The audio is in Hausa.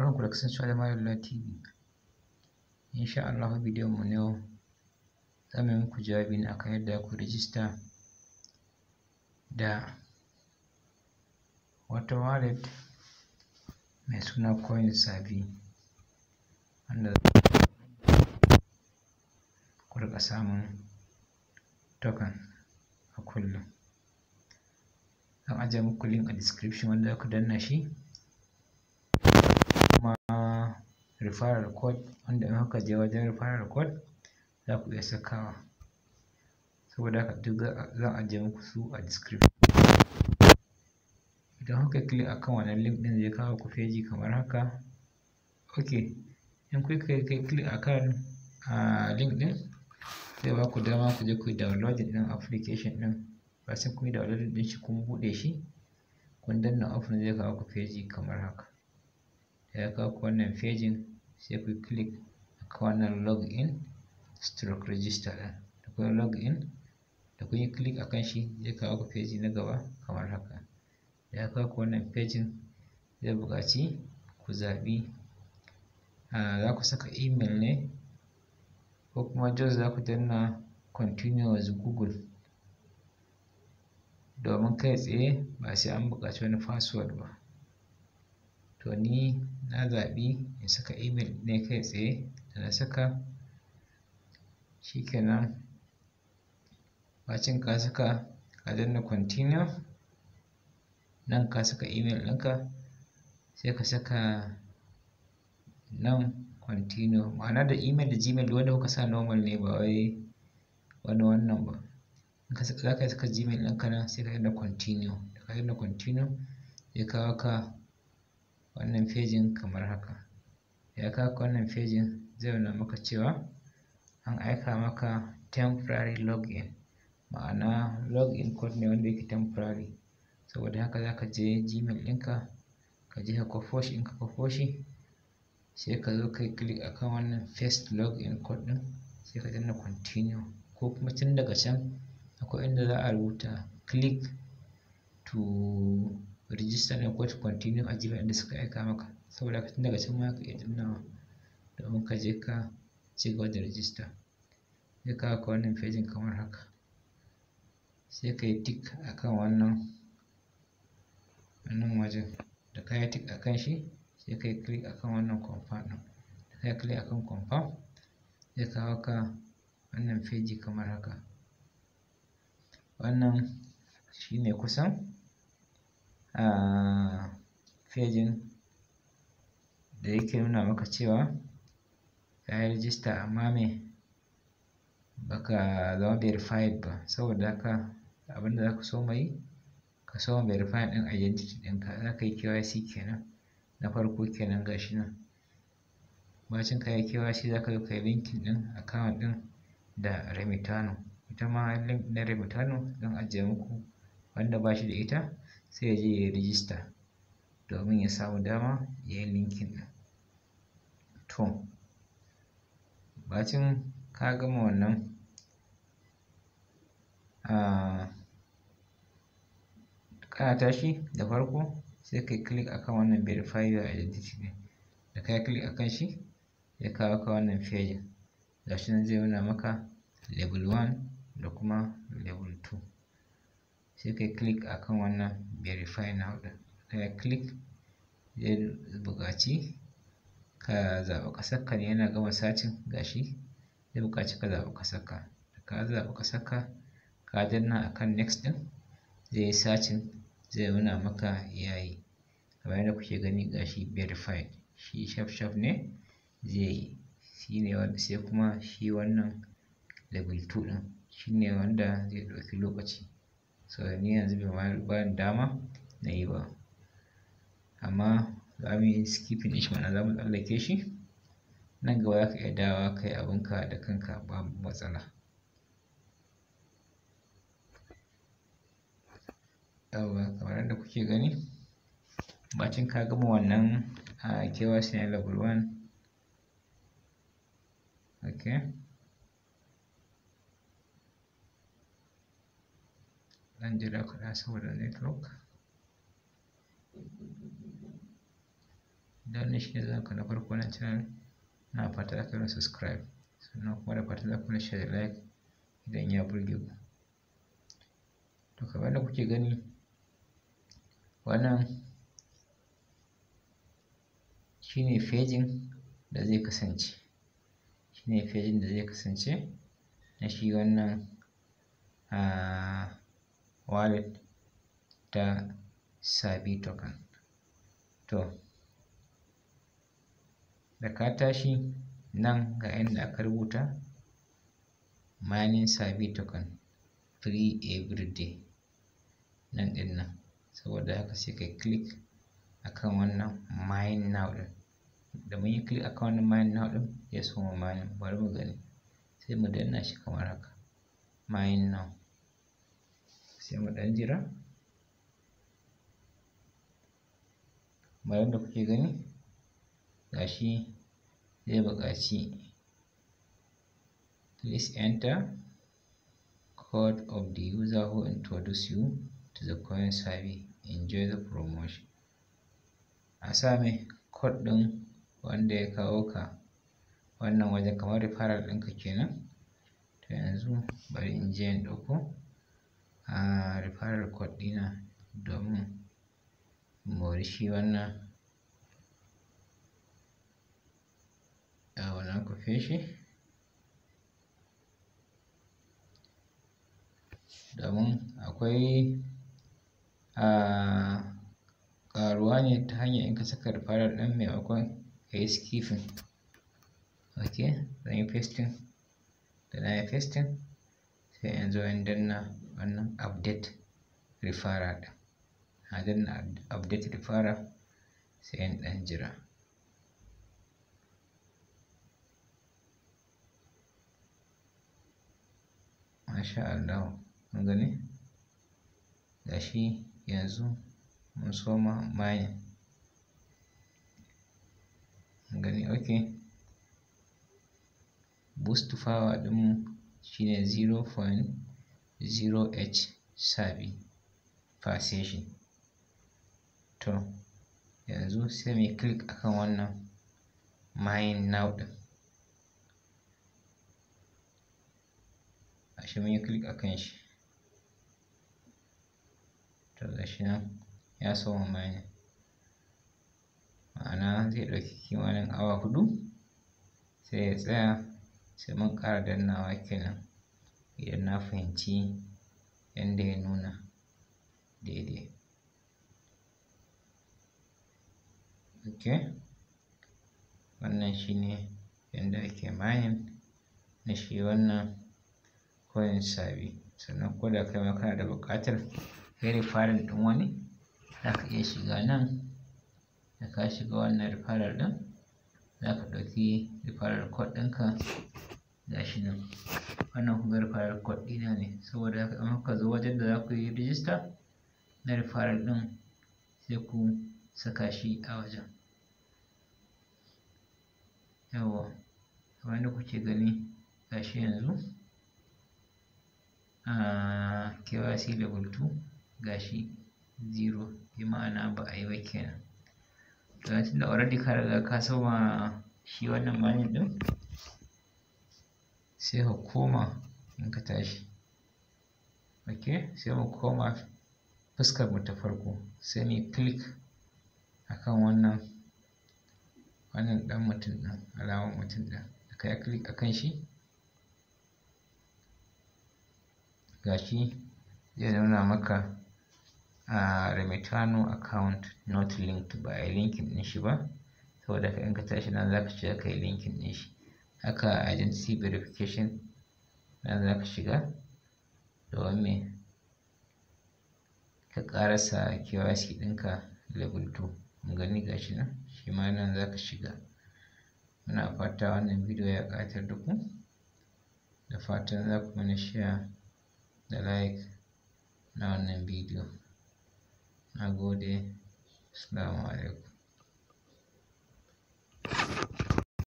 Barkan da kasancewa da Malam TV. Insha allahu bidiyon mu na yau za mu yi muku jawabi ne akan yadda ku rijista da wata wallet mai suna coin sabi wanda ku riƙa samun token a kullum. Zan ajiye muku link a description wanda za ku danna shi referral code wanda in kuka je wajen referral code za ku iya sakawa saboda haka duk zan ajiye muku su a description idan kuka click akan wannan link din zai kawo ku feji kamar haka ok in kuka click akan link din zai ba ku dama ku je ku download din application ɗin ba sai kun yi downloading din shi kun bude shi kun danna offline zai kawo ku feji kamar haka ya kawo ku wannan fejin sai ku click akan wannan login stroke register ɗin da kun login da kun yi click akan shi zai kawo ku page na gaba kamar haka da ya kawo ku wannan page zai buƙaci ku zaɓi za ku saka email ne ko kuma just za ku danna continue with google domin kai tsaye ba sai an buƙaci wani password ba to ni na zaɓi in saka email ne kai tsaye da na saka shikenan bacin ka saka ka danna continue nan ka saka email ɗinka sai ka saka nan continue ma'ana da email da gmail wanda kuka sa normal ne ba wai wani wannan ba in ka saka za ka saka gmail ɗinka nan sai ka danna continue da ka danna continue sai kawo ka wannan fejin kamar haka ya kaka wannan fejin zai nuna maka cewa an aika maka temporary login ma'ana login code ne wanda yake temporary saboda haka za ka je gmail ɗinka ka je ka kwafo shi in ka sai ka zo ka yi click akan wannan first login code ɗin sai ka danna continue ko kuma tun daga can akwai inda za a rubuta click to register ɗin ko to continue a gmail da suka aika maka saboda haka tun daga can ma ka iya dannawa domin ka je ka ci gaba da register sai ka ka wannan fejin kamar haka sai ka yi tik a kan wannan wannan wajen da ka yi tik a kan shi sai ka yi click a kan wannan confirm ɗin da ka yi click a kan confirm sai ka hau ka wannan feji kamar haka wannan shi ne kusan fejin da yake nuna maka cewa ka yi rijista amma me baka zama verified ba saboda haka abinda za ka so mai ka so verified ɗin identity ɗinka za ka yi KYC kenan na farko kenan gashi nan bacin ka yi KYC za ka zo ka yi linkin ɗin account ɗin da Remitano ita ma link na Remitano zan ajiye muku wanda ba shi da ita sai ya je ya rijista domin ya samu dama ya yi linkin ɗin to bacin ka gama wannan kana tashi da farko sai kai click akan wannan verify your identity ne da kai click akan shi ya kawo ka wannan page shi nan zai nuna maka level 1 da kuma level 2 sai kai click akan wannan verify now ɗin kai click zai buƙaci ka zaɓi ƙasar ka ne yana gama sacin gashi zai buƙaci ka zaɓi ƙasar ka da ka zaɓi ƙasar ka ka danna akan next ɗin zai yi sacin zai nuna maka yayi kamar yadda kuke gani gashi verified shi shaf shaf ne zai yi shi ne sai kuma shi wannan level 2 ɗin shi ne wanda zai ɗauki lokaci so ni yanzu bai ba ni dama na yi ba amma za mu yi skipping ɗin shi ma'ana za mu tsallake shi nan gaba za ka iya dawa kai ka da kanka ba matsala yawwa kamar yadda kuke gani bacin ka gama wannan a ah, kewa na level 1 okay zan jira kaɗan saboda network don ni shi ne zan na farko na channel na fata za ku subscribe sannan kuma da fata za ku share like idan ya burge ku to kamar da kuke gani wannan shine fejin da zai kasance shine fejin da zai kasance na shi wannan ah, wallet ta sabi token. To, da ka tashi nan ga inda aka rubuta mining sabi token free every day nan din nan. Saboda haka sai kai click akan wannan mine now din Da mun yi click akan wannan mine now din ya yes, so mu mining. Bari mu gani. Sai mu danna shi kamar haka. Mine now. sai mu ɗan jira kamar da kuke gani gashi zai buƙaci please enter code of the user who introduced you to the coin service enjoy the promotion a sa mai code ɗin wanda ya kawo ka wannan wajen kamar referral ɗinka kenan to yanzu bari in je in ɗauko a referral kwaɗina ɗina domin mori shi wannan wannan kufe shi domin akwai a ƙaruwa ne ta hanyar in ka saka referral ɗan maimakon ka yi skipping ok zan yi pasting da na yi pasting sai in zo in danna wannan update referral ɗin na danna update referral sai in ɗan jira masha Allah kun gani gashi yanzu mun soma mayan gani ok boost power ɗinmu shine 0.0 0h sabi passation to yanzu sai muyi click akan wannan mayen now ɗin. gashi mun yi click akan shi to gashi nan ya soma mine ma'ana zai ɗauki kimanin awa huɗu sai ya tsaya sai mun ƙara dannawa kenan idan na fahimci yanda ya nuna daidai. Ok, wannan shi ne yanda ake mining na shi wannan coin sabi. Sannan ko da kaima kana da buƙatar kai rifaren ɗin wani za ka iya shiga nan da ka shiga wannan rifarar ɗin za ka ɗauki referral code ɗinka gashi nan wannan kun ga referral code ɗina ne saboda haka in kuka zo wajen da za ku yi rijista na referral ɗin sai ku saka shi a wajen yawa kamar yadda kuke gani gashi yanzu a KYC level 2 gashi 0 bi ma'ana ba a yi ba kenan to da already ka riga ka sama shi wannan manual ɗin sai ka koma in ka tashi ok sai mu koma fuskar mu ta farko sai mu click akan wannan wannan dan mutum din alamar mutum din da yi click akan shi gashi zai zauna maka a Remitano account not linked ba a yi linkin din shi ba saboda ka in ka tashi nan zaka ce ka yi linkin din shi haka identity verification na za ka shiga domin me ka karasa KYC ɗinka level 2 mun gani gashi nan shi ma nan za ka shiga muna fata wannan bidiyo ya ƙayatar da ku da fatan za ku mana share da like na wannan bidiyo na gode assalamu alaikum